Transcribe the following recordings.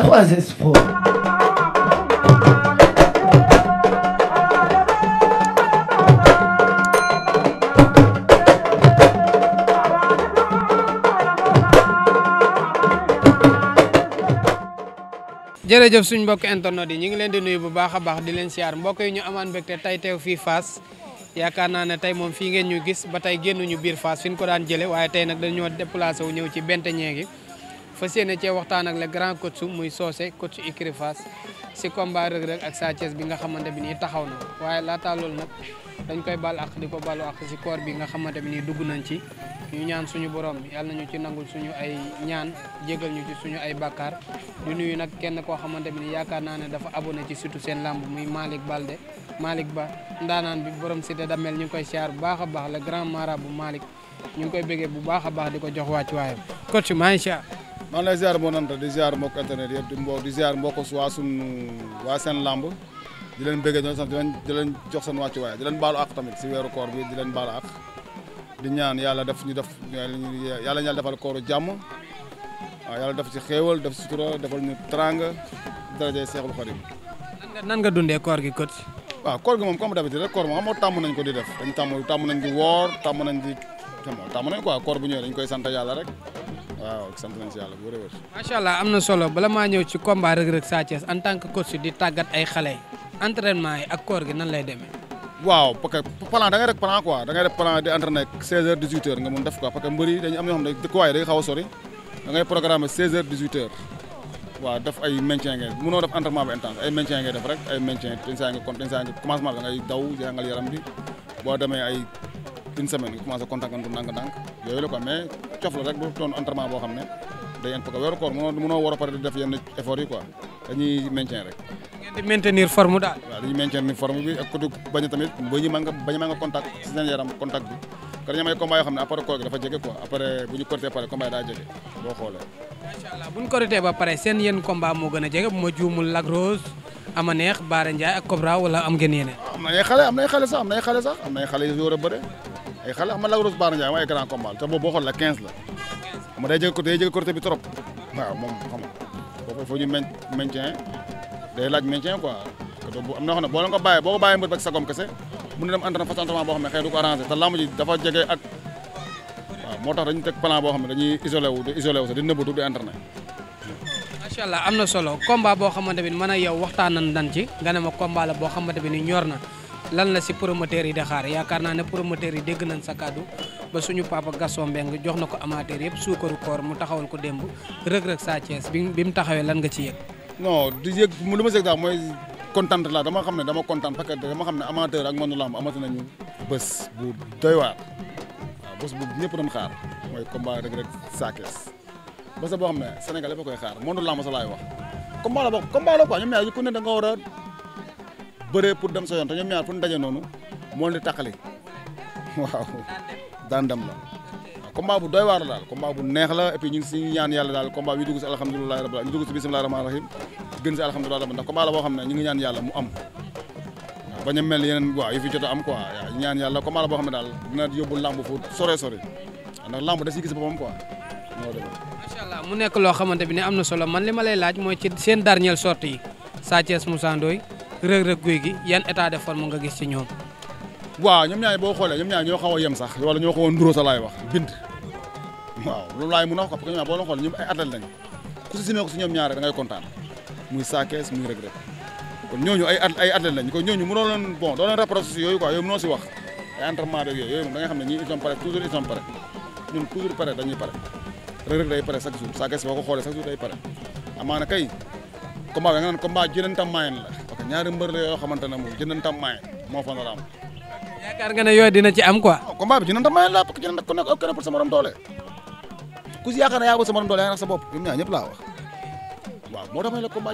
3S Pro. jërëjëf suñ mbokk internet yi ñu ngi leen di nuyu bu baax baax di leen siyaar mbokk yi ñu amaan mbégte tey teew fii Fass yaakaar naa ne tey moom fii ngeen ñu gis ba tey génnuñu biir faas fi ko daan jële waaye tey nag dañoo déplacé wu ñëw ci bente ñee fas yéene cee waxtaan ak le grand coach muy Socé coach écurie Fass si combat Reug Reug ak Sa Thiès bi nga xamante bi nii taxaw na waaye laataa loolu nag dañ koy baal ak di ko baalu ak si koor bi nga xamante bi nii dugg nañ ci ñu ñaan suñu borom yàlla nañu ci nangul suñu ay ñaan jégal ñu ci suñu ay bàkkaar du nuyu nag kenn koo xamante bi ni yaakaar naa ne dafa abonné ci surtout seen làmb muy Malick Balde Malick Ba ndaanaan bi borom cité damel ñu ngi koy siyaar bu baax a baax le grand marabout Malick ñu ngi koy bëggee bu baax a baax di ko jox wàcc waayam maa ngi lay ziar moo nanta di ziar mbokk internet yëpp di mbo di di leen bëggee ñoom sax di leen di leen jox seen wàccuwaay di leen baalu àq tamit si weeru koor bi di leen baalu àq di ñaan yàlla def ñu def yàlla ñal defal kooru jàmm waaw yàlla def ci xéewal def sutura defal ñu teraanga daraje Seexul Xadim nan nga dundee koor gi coach waaw koor gi moom comme d'habitude koor tàmm nañ ko di def dañ tàmm tàmm nañ di woor tàmm nañ di tàmm nañ quoi koor bu ñëwee dañ koy sant yàlla rek waaw sant nañ allah am na solo bala maa ñëw ci combat Reug Reug Sa Thiès en tant que di tàggat ay xale entraînement yi ak koor gi nan lay demee. waaw parce que plan da ngay def di entraîné 16h 18h nga mun def quoi parce dañu am ñoo a sori da ngay programmer 16 def ay maintien ngay bu intense ay maintien ngay def rek ay maintien dañ saa nga nga commencement da ngay daw yaram bi boo demee ay une semaine nga commencé contact ndank-ndank yooyu la quoi mais. cof la rek bu doon entraînement boo xam ne day en parce que weeru koor mënoo a pare di def yenn effort yi quoi dañuy maintien rek. ngeen di maintenir forme daal. waaw dañuy maintenir forme bi ak bañ tamit ba ñu mën nga bañ a mën nga contact si seen yaram contact bi. kon dañoo am ay combat yoo xam ne après ba pare seen yenn combat moo gën a jege bu ma juumul Lac Rose ama neex Baara Ndiaye ak Cobra wala am ngeen yeneen. am na ay xale am na ay xale sax am na xale sax war a bëre ay xale xam nga Lac Rose Bara Ndiaye mooy ay grand combat te boobu boo xool la 15 la xam day jël day jël bi trop waaw moom xam nga boobu il day laaj maintien quoi te boobu am na xam ne boo leen ko boo ko bàyyee mbër ba sagom kese mën na dem entraînement ne xëy du ko arrangé te lamb ji dafa jege moo tax dañu teg plan boo xam ne dañuy isolé wu di isolé wu sax di nëbbatu di entraîné macha allah am na solo combat boo xamante bi mën a yow waxtaan nan dan ci nga ne ma combat boo boo xamante bi ni ñor na lan la si promoteur yi di xaar yaakaar naa ne promoteur yi dégg nañ sa kàddu ba suñu papa Gaston Mbengue jox na ko amateur yëpp suukaru koor mu taxawal ko démb rëg-rëg Sa Thiès bi mu taxawee lan nga ci yëg non di yëg lu ma yëg daal mooy kontaan la dama xam ne dama kontaan parce que dama xam ne amateur ak mënu lamb amati bu ñëpp doon xaar mooy combat Reug Reug Sa Thiès bés boo xam ne Sénégal yëpp a koy xaar mënu lamb sa laay wax combat la boo combat la quoi ñoom ku ne da war bëree pour dem sa yoon te ñoom ñaar fu ñu daje noonu moo di taqali waaw daan dem la waaw combat bu doy waar la daal combat bu neex la et puis ñu ngi si ñaan yàlla daal combat bi ñu dugg si alhamdulilah ñu dugg si bisimilah rahmaani rahim gën si alhamdulilah rabbil ndax combat la boo xam ne ñu ngi ñaan yàlla mu am waaw mel yeneen waaw yu fi jot a am quoi ñaan yàlla combat la boo xam ne daal dina yóbbu làmb fu sore sore ndax làmb da allah mu nekk loo xamante bi ni am na solo man li ma lay laaj mooy ci seen dernier sortie yi Sa Thiès Moussa Ndoye Reug Reug Gouye Gui yan état de nga gis ci ñoom. waaw ñoom ñaar boo xoolee ñoom ñaar ñoo xaw a yem sax wala ñoo xaw a nduroo sa laay wax bind. waaw loolu laay mun a wax ko parce que ñoom boo doon xool ñoom ay athlètes lañ ku si sinoo ko si ñoom ñaar da ngay kontaan muy saakees wax ay entraînement xam ne ñii ils sont pare toujours ils sont pare ñun toujours pare dañuy pare Reug Reug day pare chaque jour saakees boo ko xoolee chaque jour day pare amaana kay combat nga naan combat jëlantam maayen la ñaari mbër la yoo xamante ne moom jëndantam maay moo fa nar a am. yaakaar yooyu dina ci am quoi. waaw combat bi ma la combat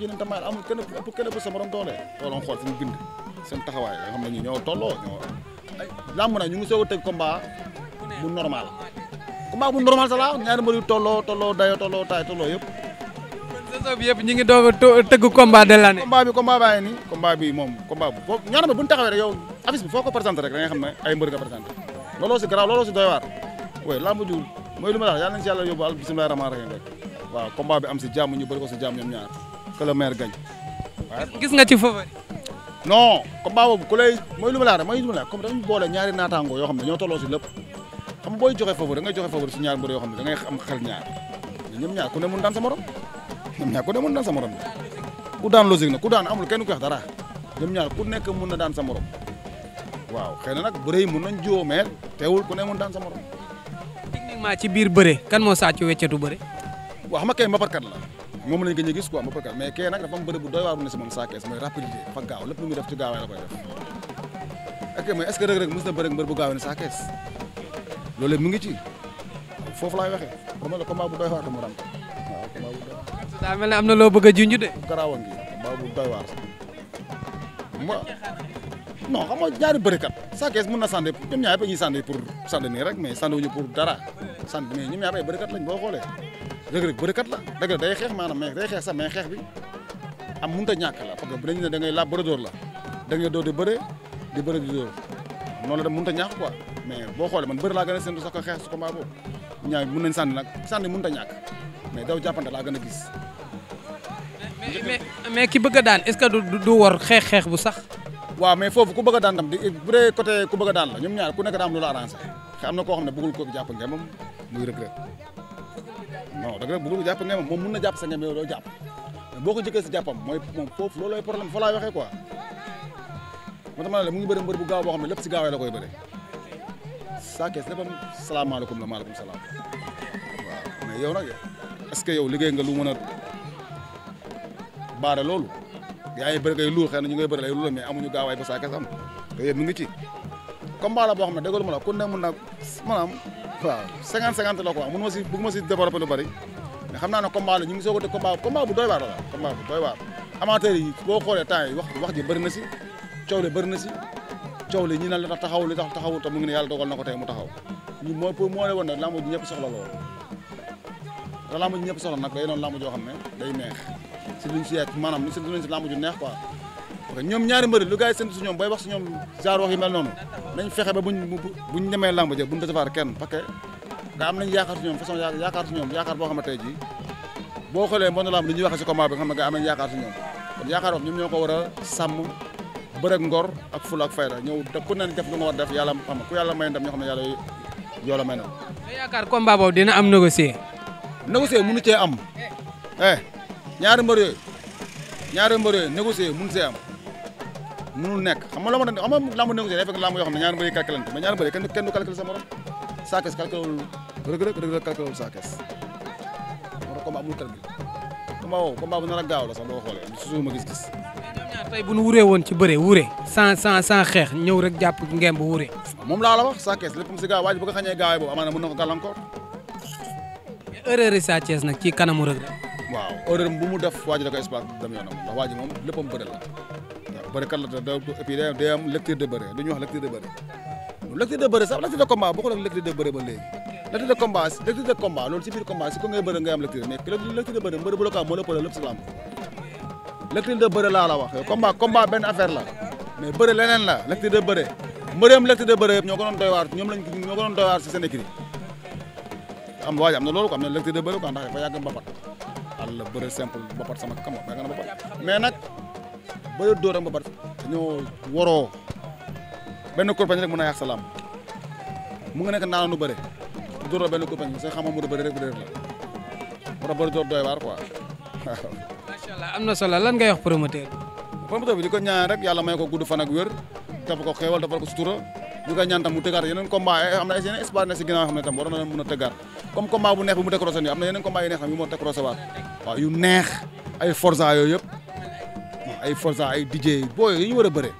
jëndantam maay la amul kenn ku kenn pour sa morom doole looloo xool fu mu bind seen taxawaay yoo xam ne ñi ñoo tolloo ñoo ay làmb na ñu ngi soog a teg combat bu normal combat bu normal sax ñaari mbër yu tolloo tolloo dayoo tolloo taay tolloo yëpp Leewtoo bi yëpp ngi doog a tëgg combat de l'année. combat bi combat baa bi moom combat bu bu ñu rek yow affiche bi foo ko présenté rek da ngay xam ne ay mbër nga présenté looloo si garaaw looloo si doy waar waaye lamb ju mooy lu ma wax yàlla nañ si yàlla yóbbu al bisimilah rahmaan rahim rek waaw combat bi ñaar que le maire gis nga ci favori. non combat boobu ku lay mooy lu ma la wax mooy lu ma la comme dañu boole ñaari naataangoo yoo xam ne ñoo tolloo si lépp xam nga booy joxe favori a ngay joxe favori si ñaar mbër morom ñoom ñaar ku ne mën daan sa morom ku daan logique na ku daan amul kenn ku wax dara ñoom ñaar ku nekk mën na daan sa morom waaw xëy na nag bëre yi mën nañ jiwoo te wul ku ne mën daan sa morom. techniquement ci biir bëre kan moo sàcc weccetu bëre. waaw xam nga kay mbaparkat la moom lañ gën a gis quoi mbaparkat mais kay nag dafa am bëre bu doy waar bu ne si moom saa kees mooy rapidité dafa gaaw lépp lu muy def ci gaawaay la koy def ok mais est ce que Reug Reug mos mu ngi ci foofu laay waxee xam nga combat bu doy waar te daa mel am na loo bëgg a junj de. garaawa ngi mbaa bu doy waar ma non ñaari bërikat Sa Thiès mën na sànni ñoom ñaar ñëpp ñuy sànni pour sànni nii rek mais sànniwuñu pour dara sànni mais ñoom ñaar ay bërikat lañ boo xoolee Reug Reug la Reug Reug day xeex maanaam mais day xeex sax mais xeex bi am mun a ñàkk la parce que bu da ngay laab bëri dóor la da ngay doon di bëre di bëre di dóor noonu la dem mënut a mais boo xoolee man bëri laa gën a séntu sax ko xeex su combat boobu ñaar mën nañ sànni nag sànni mun a ñàkk mais daw jàppante laa gën a gis mais ki bëgg daan est-ce que du du war xeex xeex bu sax. waaw mais foofu ku bëgg a daan tam bu dee côté ku bëgg daan la ñoom ñaar ku nekk daa am lu la arrangé am na koo xam ne bëggul ko jàpp ngeen moom muy regret non regret jàpp ngeen moom moom mun na jàpp sa ngeen yow doo jàpp boo ko jëkkee si jàppam mooy moom foofu loolooy problème fa laay waxee quoi moo tax ma ne mu ngi bëri mbër bu gaaw boo xam ne lépp si gaawee la koy bëri saa kees léppam salaamaaleykum la maaleykum salaam waaw mais yow nag est-ce que yow liggéey nga lu mën a baara loolu yaa ngi bëri kay luur xëy na ñu ngay bëri lay luur mais amuñu gaawaay ba saa kese am yooyu yëpp mu ngi ci combat la boo xam ne déglu ma la ku ne mun na maanaam waaw cinquante la quoi mun ma si bëgg ma si développé lu bëri mais xam naa ne combat la ñu ngi soog ko teg combat bu doy waar la combat bu doy boo xoolee temps yi wax wax ji bëri na si coow li bëri na si coow li ñi na la tax taxawul li tax taxawul te mu ngi ne yàlla dogal na ko tey mu taxaw ñu mooy woon ne lamb ji ñëpp soxla loolu te lamb ji ñëpp solo nag day doon lamb xam ne day neex si luñ si yegg maanaam si luñ si lamb neex quoi ñoom ñaari mbëri lu gars yi séntu si ñoom bay wax si ñoom genre wax yu mel noonu nañ fexe ba buñ buñ ñoom ñoo ko war a sàmm bërëg ngor ak fula ak fayda ñëw te ku def lu xam ku yàlla may ndam ñoo xam ne yàlla yoo la may na am négocier négocier mënu cee am eh ñaari mbër yooyu ñaari mbër yooyu négocier mënu see am mënul nekk xam nga loo xam nga làmb négocier day fekk làmb yoo xam ne ñaari mbër yi calculante mais ñaari mbër yi kenn kenn du calculer sa morom saakees calculewul Reug Reug Reug Reug calculewul saakees moo tax combat amul calcul combat woowu combat bu nar a gaaw la sax boo xoolee toujours ma gis-gis. tey bu nu wuree woon ci bëree wure sans sans sans xeex ñëw rek jàpp ngeen bu wure. moom laa la wax saakees lépp mu si gaaw waaj bu ko xañee gaawee boobu amaana mën na ko gàllankoor. erreur Sa Thiès nag ci kanamu waaw erreur bu def waa ji da ko espace dem moom léppam bëri la bëre lu ñuy wax lecture de bëre lecture de bëre sax lecture de de bëre ba léegi lecture de combat lecture de la ko bëre leneen la lecture de bëre mbëri am lecture de bëre ñoo ko doon doy waar si seen am waaj am na loolu ko am na lecture de bëri quoi ndax dafa yàgg mbapat àll bëri simple mbapat sama kam yàgg na mbapat mais nag bëri dóor ak mbapat dañoo waroo benn kurpeñ rek mën a yàq sa làmb mu nga nekk naanoonu bëri dóor la benn kurpeñ sa xamam mu da bëri rek bu dee la moo tax bëri dóor doy waar quoi waaw. macha allah am na solo lan ngay wax promoteur bi. promoteur bi di ko ñaan rek yàlla may ko gudd fan ak wér dafa ko xéewal dafa ko sutura ñu koy ñaan tam mu tëggaat yeneen combat eh, am na yeneen espoir ne si ginnaaw xam ne tam war na leen mën a tëggaat comme combat bu neex bi mu décroché nii am na yeneen combat yu neex ay Forza yooyu yëpp ay Forza ay DJ booy yi war a bëree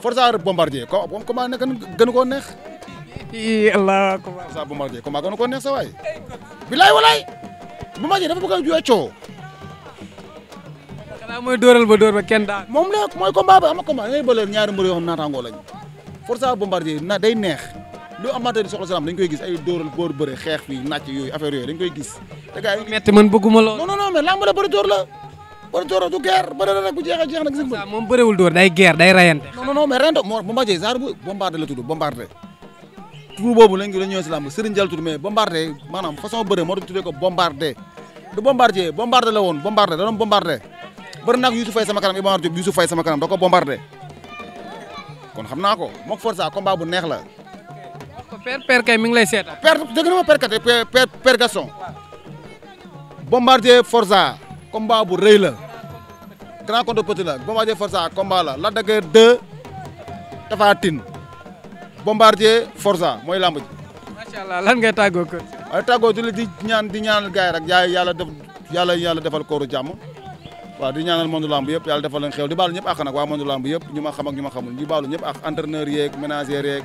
Forza bombardier comme combat neex. ii allah akbar. Forza bombardier combat gën koo neex sa a coow. mooy dóoral ba dóor ba kenn daal. moom la mooy combat ba am na combat da ñaari mbër yoo xam lañ Forza bombardier day neex. lu amateur yi soxla salaam dañ koy gis ay dóoral boor bëre xeex fii nàcc yooyu affaire yooyu dañ koy gis te gars yi metti man bëgguma lool non non non mais lamb la bëri dóor la bëri dóor du guerre bëri la rek bu jeexee jeex na gis nga moom bëriwul dóor day guerre day rayante non non non mais rayante moo bombardier genre bu bombarde la tudd bombarde tur boobu lañ la ñëw si lamb Serigne Dial tudd mais bombarde maanaam façon bëre moo tax tuddee ko bombarde du bombardier bombarde la woon bombarde da doon bombarde bëri naag Youssouf Faye sama kanam Ibrahima Diop Youssouf Faye sama kanam da ko bombarde kon xam naa ko mook forsa combat bu neex la père père kay mi ngi lay seetaan. père dégg na ma père kate père père Gaston. bombardier Forza combat bu rëy la. grand contre petit la bombardier Forza combat la la dagg deux Tapha Tine bombardier Forza mooy làmb ji. macha allah lan ngay tàggoo kër. waaye tàggoo di ñaan di ñaanal gars yi rek yaay yàlla def yàlla yàlla defal kooru jàmm. waaw di ñaanal monde lamb yëpp yàlla defal leen xew di baalu ñëpp àq nag waa monde lamb ñu ma xam ñu ma xamul ñu baalu ñëpp àq entraîneur yeeg ménagère yeeg.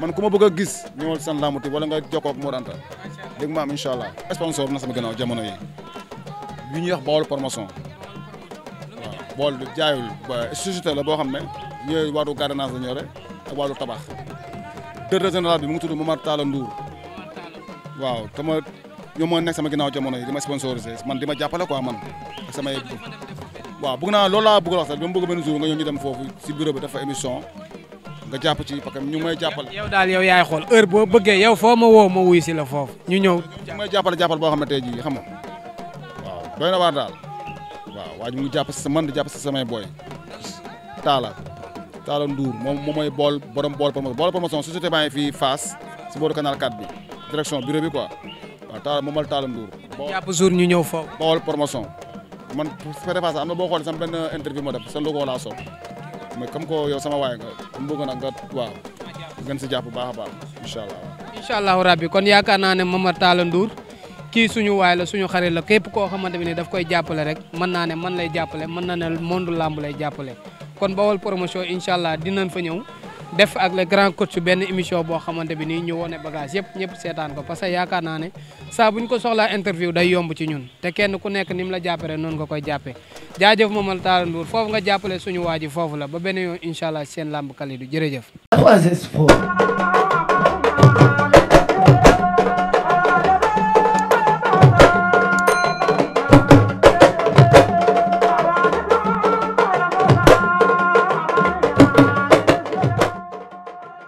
man ku ma bëgg a gis ñëwal Sen Lamb TV wala nga jokkoo ak Mor Anta dégg ma am incha allah sponsor na sama gannaaw jamono yi yu ñuy wax bool promotion waaw bool jaayul société la boo xam ne ñooy wàllu gardenage la ñore ak wàllu tabax directeur général bi mu ngi tudd Momar Talla Ndour waaw te ma nekk sama ginnaaw jamono yi di ma sponsorisé man di ma jàppale quoi man ak samay waaw bëgg naa loolu laa bëgg wax sax dama bëgg benn jour nga ñëw dem foofu si bureau bi dafa émission nga jàpp ci parce que mooy may jàppale. yow daal yow yaay xool heure boo bëggee yow foo ma woo ma wuy si la foofu ñu ñëw. ñu may jàppale jàppal boo xam ne tey jii xam nga waaw doy na daal waaw waa ji mu jàpp si sa man di jàpp si samay booy Talla Talla Ndour moom moom mooy bool borom bool promotion bool promotion société baa ngi fii Fass si booru canal 4 bi direction bureau bi quoi waaw Talla moomal Talla Ndour. jàpp ñu ñëw foofu. bool promotion man su fekkee am na boo xoolee sama benn interview ma def sa logo laa soog. mais comme ko yow sama waay nga mu bëggoon nag nga waaw gën si jàpp baax a baax incha allah. incha allahu rabbi kon yaakaar naa ne Momar Talla Ndour kii suñu waay la suñu xarit la képp koo xamante ne daf koy jàppale rek mën naa ne man lay jàppale mën na ne monde làmb lay jàppale kon Bawol Production incha allah dinañ fa ñëw. def ak le grand coach benn émission boo xamante bi nii ñu wone bagage yëpp ñëpp seetaan ko parce que yaakaar naa ne saa bu ñu ko soxlaa interview day yomb ci ñun te kenn ku nekk ni mu la jàppee rek noonu nga koy jàppee jaajëf ma Talla Ndour foofu nga jàppale suñu waa ji foofu la ba benn yoon incha allah seen làmb Kalidou jërëjëf.